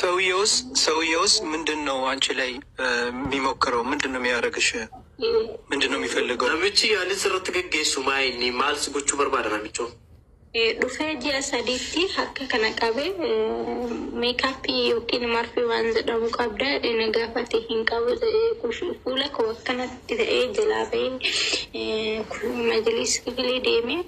ሰውየውስ ሰውየውስ ምንድን ነው አንቺ ላይ የሚሞክረው? ምንድን ነው የሚያደርግሽ? ምንድን ነው የሚፈልገው? ምቺ ያንን ስረት ገጌሱ ማይ ማልስ ጎቹ በርባደ ነው የሚጮው dhufee ji'a sadiitti akka kana qabee meekaappii yookiin marfii waan jedhamu qabda na gaafate hin qabu fuula koo akkanatti ta'ee jalaa bahee majalis kifilee deemee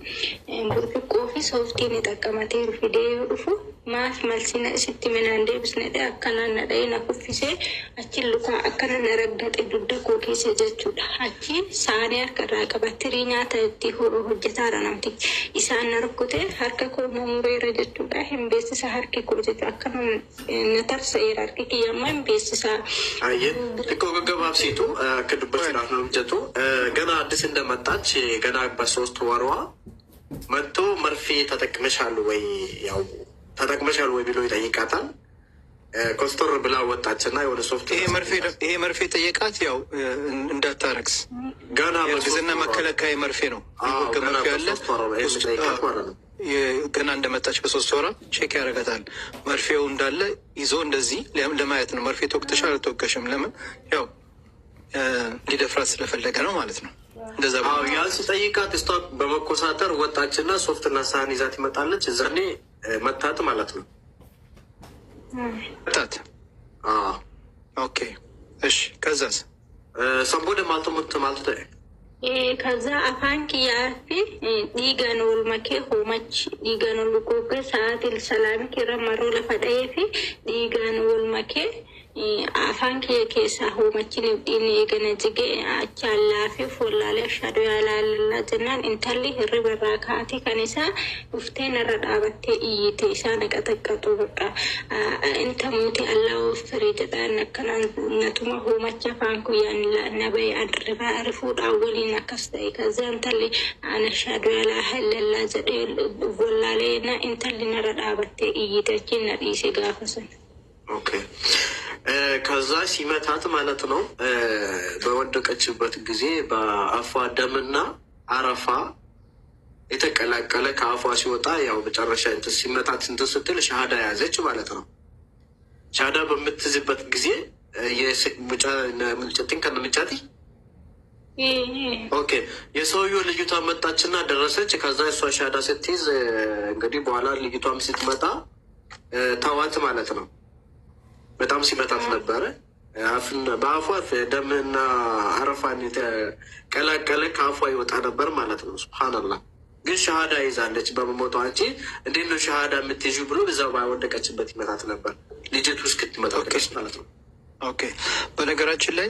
burcuqqoo fi sooftii ni xaqqamatee fidee yoo dhufu maaf malsina isitti minaan deebisnedha akkanaan nadha'ee na kuffisee achi lukaa akkana na raggaxe dugda koo keessa jechuudha achii saanii harkarraa qaba tirii nyaata itti hojjetaara namtichi isaan na rukkute ta'e harka koo mummuree irra jechuudha. Hin beeksisa harki koo jecha akkana na tarsa'eera harki kiyya ammaa hin beeksisa. beeksisaa. Xiqqoo gaggabaabsiitu akka dubbachudhaaf na mijatu ገና አዲስ እንደመጣች ገና በሶስት ወሯ መጥቶ marfii ተጠቅመሻል ወይ ያው ተጠቅመሻል ወይ ብሎ ይጠይቃታል። ኮስቶር ብላ ወጣች እና የሆነ ሶፍት ይሄ መርፌ ጠየቃት። ያው እንዳታረግስ ገና እርግዝና መከላከያ መርፌ ነው። መርፌ አለ ገና እንደመጣች በሶስት ወራ ቼክ ያደርጋታል። መርፌው እንዳለ ይዞ እንደዚህ ለማየት ነው። መርፌ ተወቅተሻ አልተወቀሽም? ለምን ያው ሊደፍራት ስለፈለገ ነው ማለት ነው። እንደዛ ያን ሲጠይቃት ስቷ በመኮሳተር ወጣችና ሶፍትና ሳህን ይዛት ይመጣለች። እዛኔ መታት ማለት ነው። መታት። ኦኬ እሺ። ከዛስ ሰንቦደ ማልቶ ምት ማልቶ ከዛ eh, afaan kiyyaatti eh, dhiigaan wal makee hoomachi dhiigaan wal goggooge sa'aatiin irra maruu lafa dha'ee fi dhiigaan wal makee eh, afaan kiyya keessaa hoomachi dhiinni eegana jigee achaallaa fi follaalee ashadoo yaalaalallaa jennaan intalli hirriba irraa kaatee kan isaa dhuftee narra dhaabattee iyyite isaa naqataqqaxuu bakka ah, inta allaa ፍሬ ጥጣን ነከላንጉ ነቱማ ሆመቻ ፋንኩ ያንላ ነበይ አድርባ ርፉ ዳወሊ ነከስተይ ከዚያ እንተሊ አነሻዶ ያላ ሀለላ ዘዴ ጎላሌ ና እንተሊ ነረዳ በቴ እይተች ነዲሴ ጋፈሰን ከዛ ሲመታት ማለት ነው። በወደቀችበት ጊዜ በአፏ ደምና አረፋ የተቀላቀለ ከአፏ ሲወጣ ያው መጨረሻ ሲመታት እንትን ሻሃዳ ያዘች ማለት ነው። ሻዳ በምትዝበት ጊዜ ምልጨትን ከምንጫት ኦኬ የሰውዬው ልጅቷ መጣችና ደረሰች። ከዛ እሷ ሻዳ ስትይዝ እንግዲህ በኋላ ልጅቷም ስትመጣ ተዋት ማለት ነው። በጣም ሲመጣት ነበረ። በአፏ ደምና አረፋን የተቀላቀለ ከአፏ ይወጣ ነበር ማለት ነው። ሱብሃነላህ ግን ሸሃዳ ይዛለች በመሞቷ እንጂ እንዴት ነው ሸሃዳ የምትይዙ ብሎ እዛው ባወደቀችበት ይመታት ነበር። ልጅቱ እስክትመጣ ማለት ነው። ኦኬ በነገራችን ላይ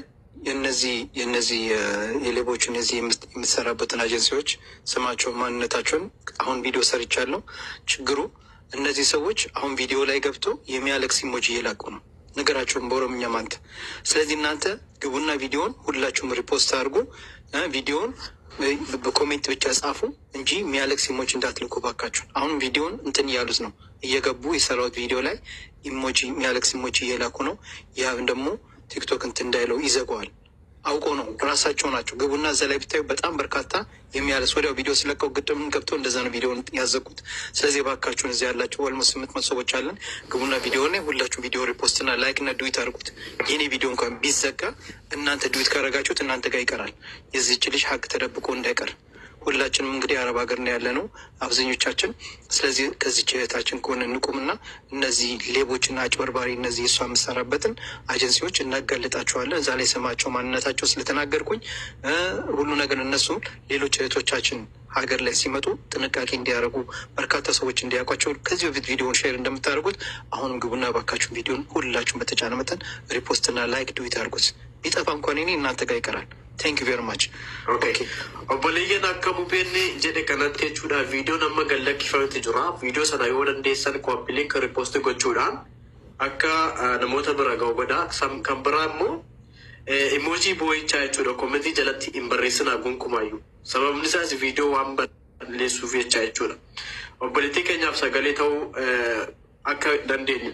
የነዚህ የነዚህ የሌቦች እነዚህ የምትሰራበትን አጀንሲዎች ስማቸው ማንነታቸውን አሁን ቪዲዮ ሰርቻለሁ። ችግሩ እነዚህ ሰዎች አሁን ቪዲዮ ላይ ገብቶ የሚያለቅ ሲሞች እየላቁ ነው ነገራቸውን በኦሮምኛ ማንተ። ስለዚህ እናንተ ግቡና ቪዲዮን ሁላችሁም ሪፖስት አድርጉ ቪዲዮን በኮሜንት ብቻ ጻፉ እንጂ የሚያለቅስ ኢሞጂ እንዳትልኩ ባካችሁ። አሁን ቪዲዮን እንትን እያሉት ነው እየገቡ የሰራሁት ቪዲዮ ላይ ኢሞጂ የሚያለቅስ ኢሞጂ እየላኩ ነው። ያ ደግሞ ቲክቶክ እንትን እንዳይለው ይዘገዋል። አውቆ ነው ራሳቸው ናቸው። ግቡና እዛ ላይ ብታዩ በጣም በርካታ የሚያለስ ወዲያው ቪዲዮ ሲለቀው ግጥም ገብተው እንደዛ ነው ቪዲዮን ያዘጉት። ስለዚህ የባካችሁን እዚያ ያላቸው ወልሞ ስምንት መሶቦች አለን። ግቡና ቪዲዮ ላይ ሁላችሁ ቪዲዮ ሪፖስትና ላይክና ዱዊት አድርጉት። የኔ ቪዲዮ እንኳን ቢዘጋ እናንተ ዱዊት ካረጋችሁት እናንተ ጋር ይቀራል። የዚህች ልጅ ሀቅ ተደብቆ እንዳይቀር ሁላችንም እንግዲህ አረብ ሀገር ነው ያለ ነው አብዛኞቻችን። ስለዚህ ከዚች እህታችን ከሆነ እንቁምና እነዚህ ሌቦችና አጭበርባሪ እነዚህ እሷ የምሰራበትን አጀንሲዎች እናጋልጣቸዋለን። እዛ ላይ ስማቸው ማንነታቸው ስለተናገርኩኝ ሁሉ ነገር እነሱ ሌሎች እህቶቻችን ሀገር ላይ ሲመጡ ጥንቃቄ እንዲያደርጉ በርካታ ሰዎች እንዲያውቋቸው ከዚህ በፊት ቪዲዮን ሼር እንደምታደርጉት አሁንም ግቡና ባካችሁን ቪዲዮን ሁላችሁን በተጫነ መጠን ሪፖስትና ላይክ ዱዊት አድርጉት። ቢጠፋ እንኳን እኔ እናንተ ጋር ይቀራል። ቴንክ ዩ ቬሪ ማች ኦቦሌየን አከሙ ቤኔ ጀደ ከናት ኬቹዳ ቪዲዮ ነመ ገለኪፈምት ጅራ ቪዲዮ ሰና yoo dandeessan ኮምፕሊንክ ሪፖስት gochuudhaan akka namoota bira ga'u godha kan biraa immoo ኢሞጂ ቦይቻ jechuudha ኮመንቲ jalatti hin barreessinaa gonkumaayyuu sababni isaas viidiyoo waan balleessuuf jecha jechuudha obboleettii keenyaaf sagalee ta'uu akka dandeenyu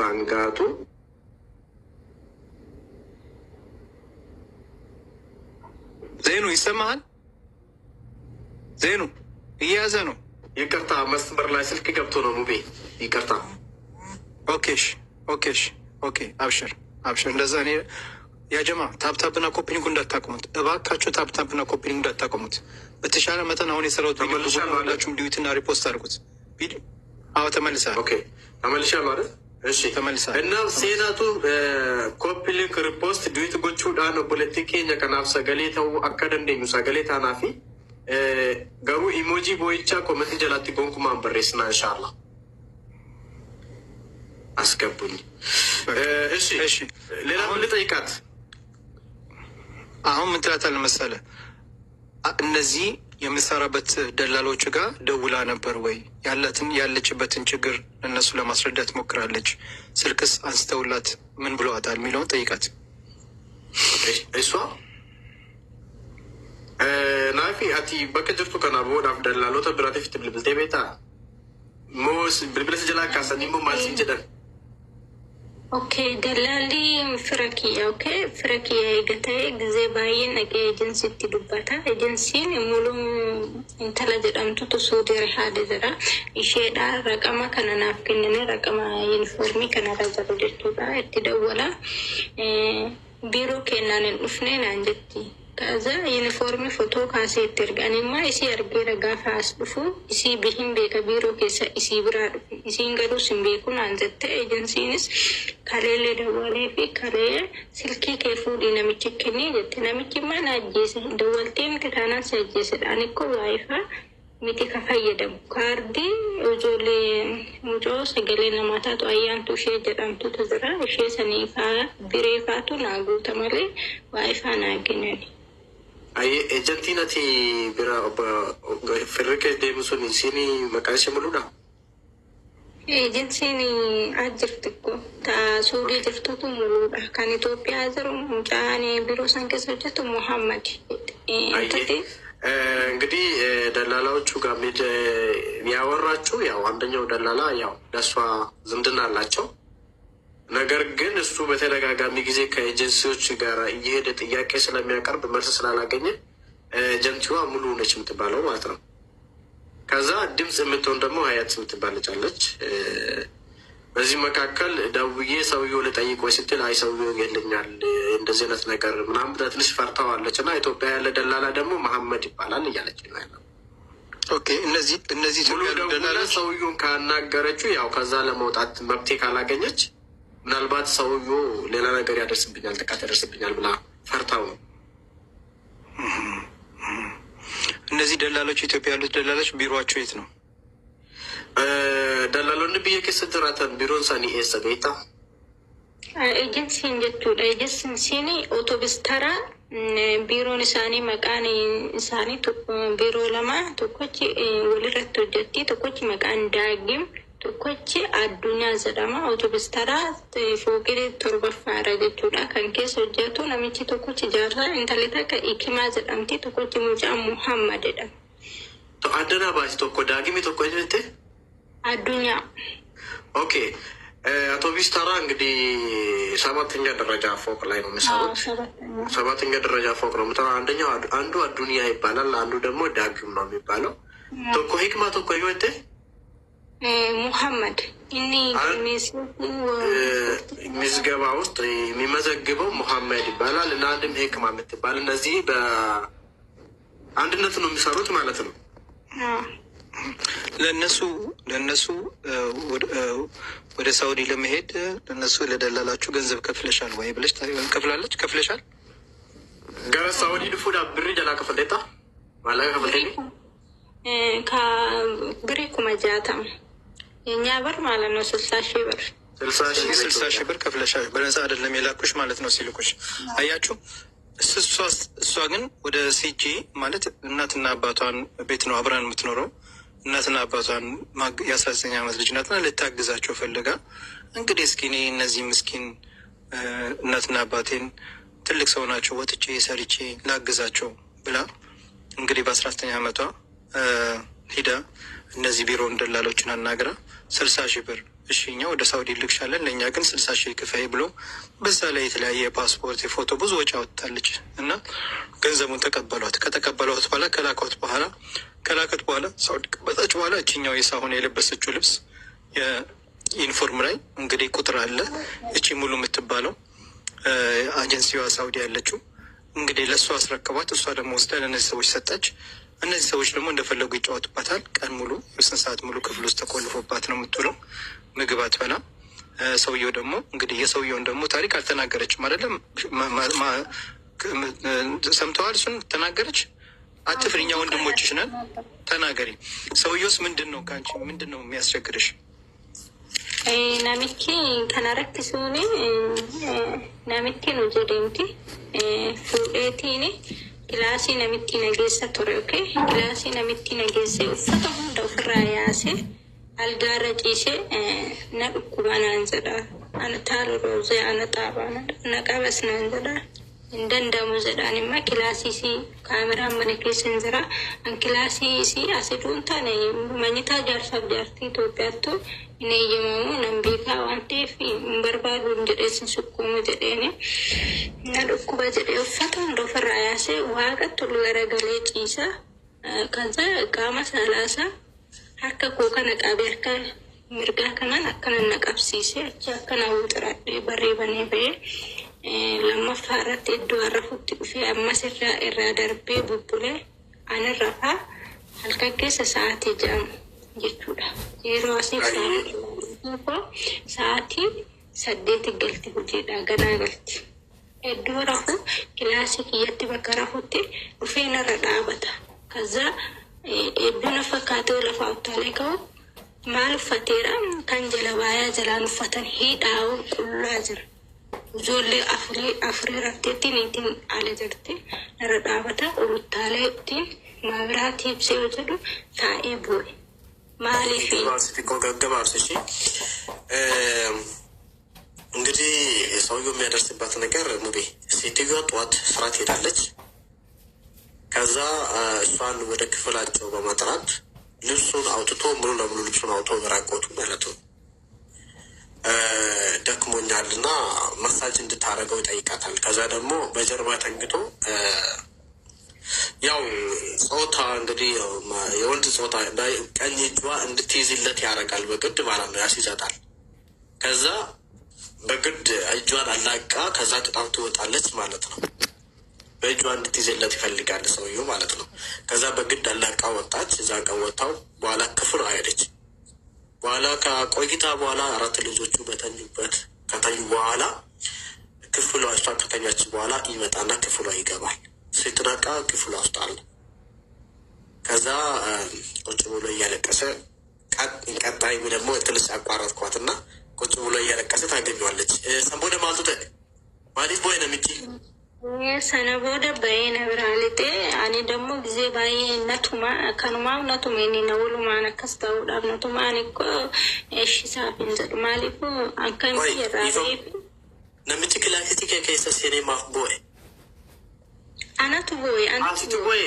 ራንጋቱ ዜኑ ይሰማሃል? ዜኑ እየያዘ ነው። ይቅርታ መስመር ላይ ስልክ ገብቶ ነው። ሙቤ ይቅርታ። ኦኬሽ፣ ኦኬሽ፣ ኦኬ። አብሽር፣ አብሽር። እንደዛ እኔ ያጀማ ታፕታፕና ኮፒኒንግ እንዳታቆሙት እባካችሁ፣ ታፕታፕና ኮፒኒንግ እንዳታቆሙት። በተሻለ መጠን አሁን የሰራሁት ቪዲዮ ሁላችሁም ዲዩትና ሪፖስት አድርጉት። ቪዲዮ አዎ፣ ተመልሳል። ኦኬ፣ ተመልሻል ማለት እሺ ተመልሰናል። እና ሴናቱ ኮፒ ሊንክ ሪፖስት ዱዊት ጎቹዳን ፖለቲኬኛ ከናፍ ሰገሌ ተው አከደንደኙ ሰገሌ ታናፊ ገሩ ኢሞጂ ቦይቻ ኮመንት ጀላቲ ጎንኩ በሬስና እንሻላ አስገቡኝ። እሺ ሌላ ምን ልጠይቃት? አሁን ምን ትላታለህ መሰለህ? እነዚህ የምትሰራበት ደላሎች ጋር ደውላ ነበር ወይ ያላትን ያለችበትን ችግር እነሱ ለማስረዳት ሞክራለች። ስልክስ አንስተውላት ምን ብለዋታል የሚለውን ጠይቃት። እሷ ናፊ አቲ በከ ጅርቱ ከና በሆዳፍ ደላሎተ ብራቴ ፊት ብልብልቴ ቤታ ሞስ ብልብልስ ጀላ ካሰኒሞ ማልሲ ጀደር ኦኬ ደላሊ ፍረኪያ ኦኬ ፍረኪያ የገታዬ ጊዜ ባዬ ነቄ ኤጀንሲ ትዱባታ ኤጀንሲን ሙሉ እንተለ ጀዳምቱ ተሱድ ርሃደ ዘራ ይሼዳ ረቀመ ከነናፍ ክንነ ረቀመ ዩኒፎርሚ ከነራ ዘሩ ጀቱ እትደወላ ቢሮ ኬናንን ዱፍኔ ናንጀቲ ከዛ ዩኒፎርሚ fotoo kaasee itti erga. Ani isii argeera gaafa as dhufu isii bihin beeka biiroo keessa isii biraa dhufu isiin garuu sin beeku naan jette ejensiinis kareelee dawwalee fi karee silkii kee fuudhii namichi kennee jette namichi immoo na dawwaltee miti taanaan si ajjeesedha. Ani ko waayifaa miti ka fayyadamu kaardii ijoollee mucoo sagalee namaataatu ayyaantu ishee jedhamtutu jira ishee saniifaa faa biree faatu naa malee waayifaa naa Ejantiin ati bira firree deemu sun isin maqaa ishee mul'udha? Ejantiin as jirti ko ta Suudii jirtutu mul'udha. Kan Itoophiyaa jiru mucaan biiroo isaan keessa hojjetu Muhammad. እንግዲህ ደላላዎቹ ጋር ያወራችሁ ያው አንደኛው ደላላ ያው ለእሷ ዝምድና አላቸው ነገር ግን እሱ በተደጋጋሚ ጊዜ ከኤጀንሲዎች ጋር እየሄደ ጥያቄ ስለሚያቀርብ መልስ ስላላገኘ ኤጀንሲዋ ሙሉ ነች የምትባለው ማለት ነው። ከዛ ድምፅ የምትሆን ደግሞ ሀያት የምትባለጫለች። በዚህ መካከል ደውዬ ሰውዬው ልጠይቅ ወይ ስትል አይ ሰውዬው የለኛል እንደዚህ አይነት ነገር ምናምን ብላ ትንሽ ፈርተዋለች። እና ኢትዮጵያ ያለ ደላላ ደግሞ መሐመድ ይባላል እያለች ነው። ኦኬ እነዚህ እነዚህ ሰውዬውን ካናገረችው ያው ከዛ ለመውጣት መብቴ ካላገኘች ምናልባት ሰውዮ ሌላ ነገር ያደርስብኛል፣ ጥቃት ያደርስብኛል ብላ ፈርታው ነው። እነዚህ ደላሎች ኢትዮጵያ ያሉት ደላሎች ቢሮቸው የት ነው? ደላሎን ብዬ ከስ ቢሮን ሳኒ ኤሰ ቤታ ኤጀንሲን jechuudha ejensiin ኦቶብስ ተራ ቢሮን ሳኒ መቃን ሳኒ ቢሮ ለማ ቶኮች walirratti hojjetti tokkichi maqaan tokkichi addunyaa jedhama. Otoobis taraa fooqii torbaffaa irra jechuudha. Kan keessa hojjetu namichi tokkichi jaarraa intalli takka Ikimaa jedhamti tokkichi mucaa Muhammad jedhama. Addana baasi tokko daagimi tokko jette? Addunyaa. ኦኬ አውቶቢስ ተራ እንግዲህ ሰባተኛ ደረጃ ፎቅ ላይ ነው የሚሰሩት። ሰባተኛ ደረጃ ፎቅ ነው ምታ አንደኛው አንዱ አዱንያ ይባላል፣ አንዱ ደግሞ ዳግም ነው የሚባለው። ቶኮ ሂክማ ቶኮ ይወደ ሙሐመድ ምዝገባ ውስጥ የሚመዘግበው ሙሐመድ ይባላል እና አንድም ሄክማ የምትባል እነዚህ በአንድነት ነው የሚሰሩት ማለት ነው። ለነሱ ለነሱ ወደ ሳውዲ ለመሄድ ለነሱ ለደላላችሁ ገንዘብ ከፍለሻል ወይ ብለሽ ከፍላለች ከፍለሻል ገረ ሳውዲ ድፉዳ ብሪ ጀላ ከፈለጣ ማላ ከፈለ ብሬ ኩመጃታ የእኛ ብር ማለት ነው ስልሳ ሺህ ብር ስልሳ ሺህ ብር ከፍለሻል። በነፃ አይደለም የላኩሽ ማለት ነው ሲልኩሽ አያችሁ። እሷ ግን ወደ ሲጂ ማለት እናትና አባቷን ቤት ነው አብራን የምትኖረው። እናትና አባቷን የአስራ ዘጠኝ ዓመት ልጅ ናትና ልታግዛቸው ፈልጋ እንግዲህ እስኪ እኔ እነዚህ ምስኪን እናትና አባቴን ትልቅ ሰው ናቸው ወጥቼ ሰርቼ ላግዛቸው ብላ እንግዲህ በአስራ ዘጠኝ ዓመቷ ሂዳ እነዚህ ቢሮ እንደላሎችን አናግራ ስልሳ ሺህ ብር እሺ እኛ ወደ ሳውዲ ልክሻለን ለእኛ ግን ስልሳ ሺህ ክፈይ ብሎ በዛ ላይ የተለያየ የፓስፖርት የፎቶ ብዙ ወጪ አወጣለች እና ገንዘቡን ተቀበሏት። ከተቀበሏት በኋላ ከላኳት በኋላ ከላከት በኋላ ሳውዲ ከመጣች በኋላ እችኛው የሳሁን የለበሰችው ልብስ የዩኒፎርም ላይ እንግዲህ ቁጥር አለ። እቺ ሙሉ የምትባለው አጀንሲዋ ሳውዲ ያለችው እንግዲህ ለእሷ አስረከቧት። እሷ ደግሞ ወስዳ ለነዚህ ሰዎች ሰጠች። እነዚህ ሰዎች ደግሞ እንደፈለጉ ይጫወቱባታል። ቀን ሙሉ የስንት ሰዓት ሙሉ ክፍል ውስጥ ተቆልፎባት ነው የምትውለው። ምግብ አትበላ። ሰውየው ደግሞ እንግዲህ የሰውየውን ደግሞ ታሪክ አልተናገረችም አይደለም። ሰምተዋል። እሱን ተናገረች። አትፍሪ፣ እኛ ወንድሞችሽ ነን። ተናገሪ። ሰውየውስ ምንድን ነው ከአንቺ ምንድን ነው የሚያስቸግርሽ? ናሚኬ ሲሆኔ ናሚኬ ነው ጀደምቲ ፉጤቲኔ Kilaasii namitti nageessa ture oke kilaasii namitti nageesse uffata hunda ofirraa yaase algaarra ciise na dhukkubaa naan jedha ana taalo zee ana taabaa na qabas naan jedha dandamu jedhaan imma kilaasiisii kaameraan mana keessa hin jira an kilaasiisii asi dhuuntaan manyita jaarsaaf jaarti Itoophiyaattu hin eeyyamamu nan beekaa waan ta'eef hin barbaadu hin jedhee sin sukkuumu jedheen na dhukkuba jedhee uffata hunda ofirraa yaasee waaqa tolu garagalee ciisa ah, kansa qaama saalaasa harka koo kana qabe harka mirgaa kan kan ya. kanaan akkana na qabsiise achi akkana wuuxiraadhee barreebanee ba'ee lammaffaa irratti iddoo arrafutti dhufee ammasirraa irraa darbee bubbulee anirrafaa halkan keessa sa'aatii jedhamu jechuudha. Yeroo asii sa'aatii saddeeti galti hojiidha ganaa galti. Iddoo rafu kilaasii kiyyatti bakka rafutti dhufee narra dhaabata. Kaza hedduu na fakkaatee lafa uttalee ka'u maal uffateera kan jala baayaa jalaan uffatan hidhaa qullaa jira. ijoollee afurii afurii rafteetti niitiin ala jirti irra dhaabata urutaalee maabiraa ibsee yoo jedhu taa'ee bu'e. Maaliif? እንግዲህ ሰውየው የሚያደርስባት ነገር ሙቤ፣ ሴትዮዋ ጠዋት ስራ ትሄዳለች። ከዛ እሷን ወደ ክፍላቸው በማጥራት ልብሱን አውጥቶ ሙሉ ለሙሉ ልብሱን አውጥቶ በራቆቱ ማለት ነው ደክሞኛል እና መሳጅ እንድታደርገው ይጠይቃታል። ከዛ ደግሞ በጀርባ ተኝቶ ያው ጾታ እንግዲህ የወንድ ጾታ ቀኝ እጇ እንድትይዝለት ያደርጋል በግድ ማለት ነው። ያስይዛታል። ከዛ በግድ እጇን አላቃ ከዛ ቅጣም ትወጣለች ማለት ነው። በእጇ እንድትይዝለት ይፈልጋል ሰውየው ማለት ነው። ከዛ በግድ አላቃ ወጣች። እዛ ቀን በኋላ ክፍል አሄደች። በኋላ ከቆይታ በኋላ አራት ልጆቹ በተኙበት ከተኙ በኋላ ክፍሏ እሷ ከተኛች በኋላ ይመጣና ክፍሏ ይገባል። ስትነቃ ክፍሏ ውስጥ አለ። ከዛ ቁጭ ብሎ እያለቀሰ ቀጣይ ደግሞ ትንሽ አቋረጥኳትና ቁጭ ብሎ እያለቀሰ ታገኘዋለች ሰንቦደ ማልቱ ማሊት ቦይ ነው ሰነቦደ በይነ ብራልጤ አኔ ደግሞ ጊዜ ባዬ ነቱማ ከኑማ ነቱም ኒ ነውሉማ ነከስታውዳብ ነቱማ አኔ እኮ እሺ ሳፊን ዘድማል አንከን የራሴ namichi kilaasii kee keessa seenee maaf bu'e? Anatu bu'e.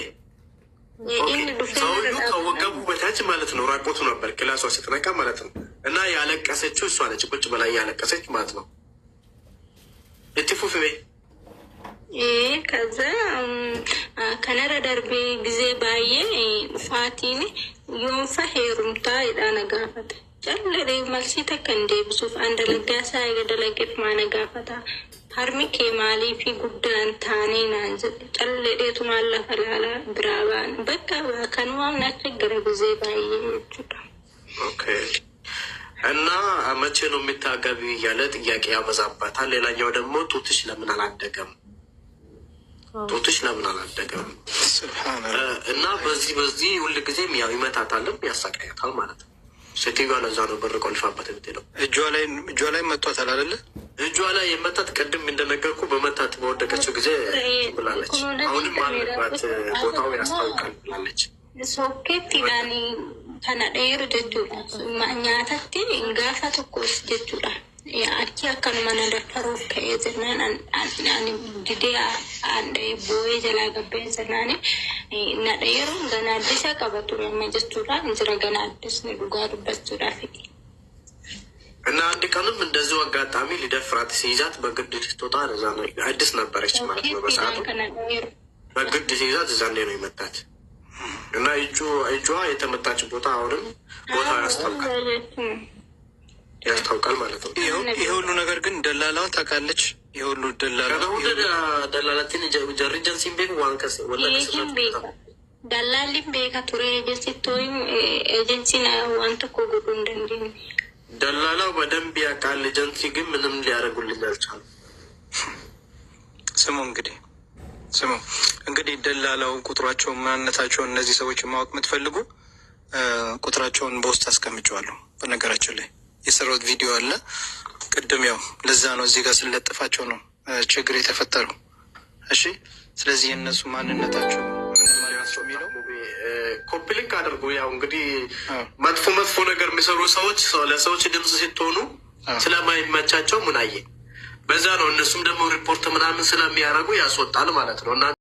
ከወገቡ በታች ማለት ነው። ራቆቱ ነበር ክላሷ ስትነቃ ማለት ነው። እና ያለቀሰችው እሷ ነች። ቁጭ ብላ ያለቀሰች ማለት ነው። እትፉፍ ቤ ከዛ ከነረ ደርቤ ጊዜ ባየ ፋቲን ዮንፈ ሄሩምታ ይዳነ ጋፈተ ጨለሪ መልሲ ተከንዴ ብዙፍ አንድ ለጋሳ የደለገት ማነጋፈታ ሀርሚ ኬ ማሊፊ ጉዳን ታኔ ናንዝ ጨለዴቱ ማለፈላላ ብራባን በቃ ከንዋም ናቸገረ ጊዜ ባየ ይችላ እና መቼ ነው የምታገቢ እያለ ጥያቄ ያበዛባታል። ሌላኛው ደግሞ ጡትሽ ለምን አላደገም? ጡትሽ ለምን አላደገም? እና በዚህ በዚህ ሁል ጊዜም ያው ይመታታልም ያሳቃያታል ማለት ነው። ሴትዮዋ ለዛ ነው በር ቆልፋበት የምትሄደው። እጇ ላይ ላይ መቷታል አይደለ? እጇ ላይ የመታት ቅድም እንደነገርኩ በመታት በወደቀችው ጊዜ ብላለች። አሁንም ማለባት ቦታው ያስታውቃል ብላለች። ሶኬት ከነ ደሩ ጀቹ ኛተቲ ጋፋ ትኮስ ጀቹ Akki akka mana daffaruuf ka'ee jennaan ani didee aandha'ee boo'ee jalaa gabbee jennaan nadha yeroo gana addisa qaba ture amma jechuudha jira gana addisni dhugaa dubbachuudhaaf እና አንድ ቀንም እንደዚሁ አጋጣሚ ሊደፍራት ሲይዛት በግድ ስትወጣ እዛ ነው አዲስ ነበረች ማለት ነው። በሰዓቱ በግድ ሲይዛት እዛ እንዴ ነው የመታት እና እጇ የተመታች ቦታ አሁንም ቦታ ያስታውቃል። ያስታውቃል ማለት ነው። ይህ ሁሉ ነገር ግን ደላላ ታውቃለች። ይሄ ሁሉ ደላላ ደላላትን ጀርጀንሲን ኤጀንሲ ቶይም ኤጀንሲን እንደንድ ደላላው በደንብ ያውቃል። ኤጀንሲ ግን ምንም ሊያደርጉልኝ አልቻሉ። ስሙ እንግዲህ ስሙ እንግዲህ ደላላው ቁጥራቸውን፣ ማንነታቸውን እነዚህ ሰዎች ማወቅ የምትፈልጉ ቁጥራቸውን በውስጥ አስቀምጨዋለሁ በነገራቸው ላይ የሰራሁት ቪዲዮ አለ። ቅድም ያው ለዛ ነው እዚህ ጋር ስንለጥፋቸው ነው ችግር የተፈጠረው እሺ፣ ስለዚህ የእነሱ ማንነታቸው የሚለው ኮፒ ልክ አድርጉ። ያው እንግዲህ መጥፎ መጥፎ ነገር የሚሰሩ ሰዎች ለሰዎች ድምፅ ስትሆኑ ስለማይመቻቸው ምን አየ በዛ ነው እነሱም ደግሞ ሪፖርት ምናምን ስለሚያደርጉ ያስወጣል ማለት ነው እና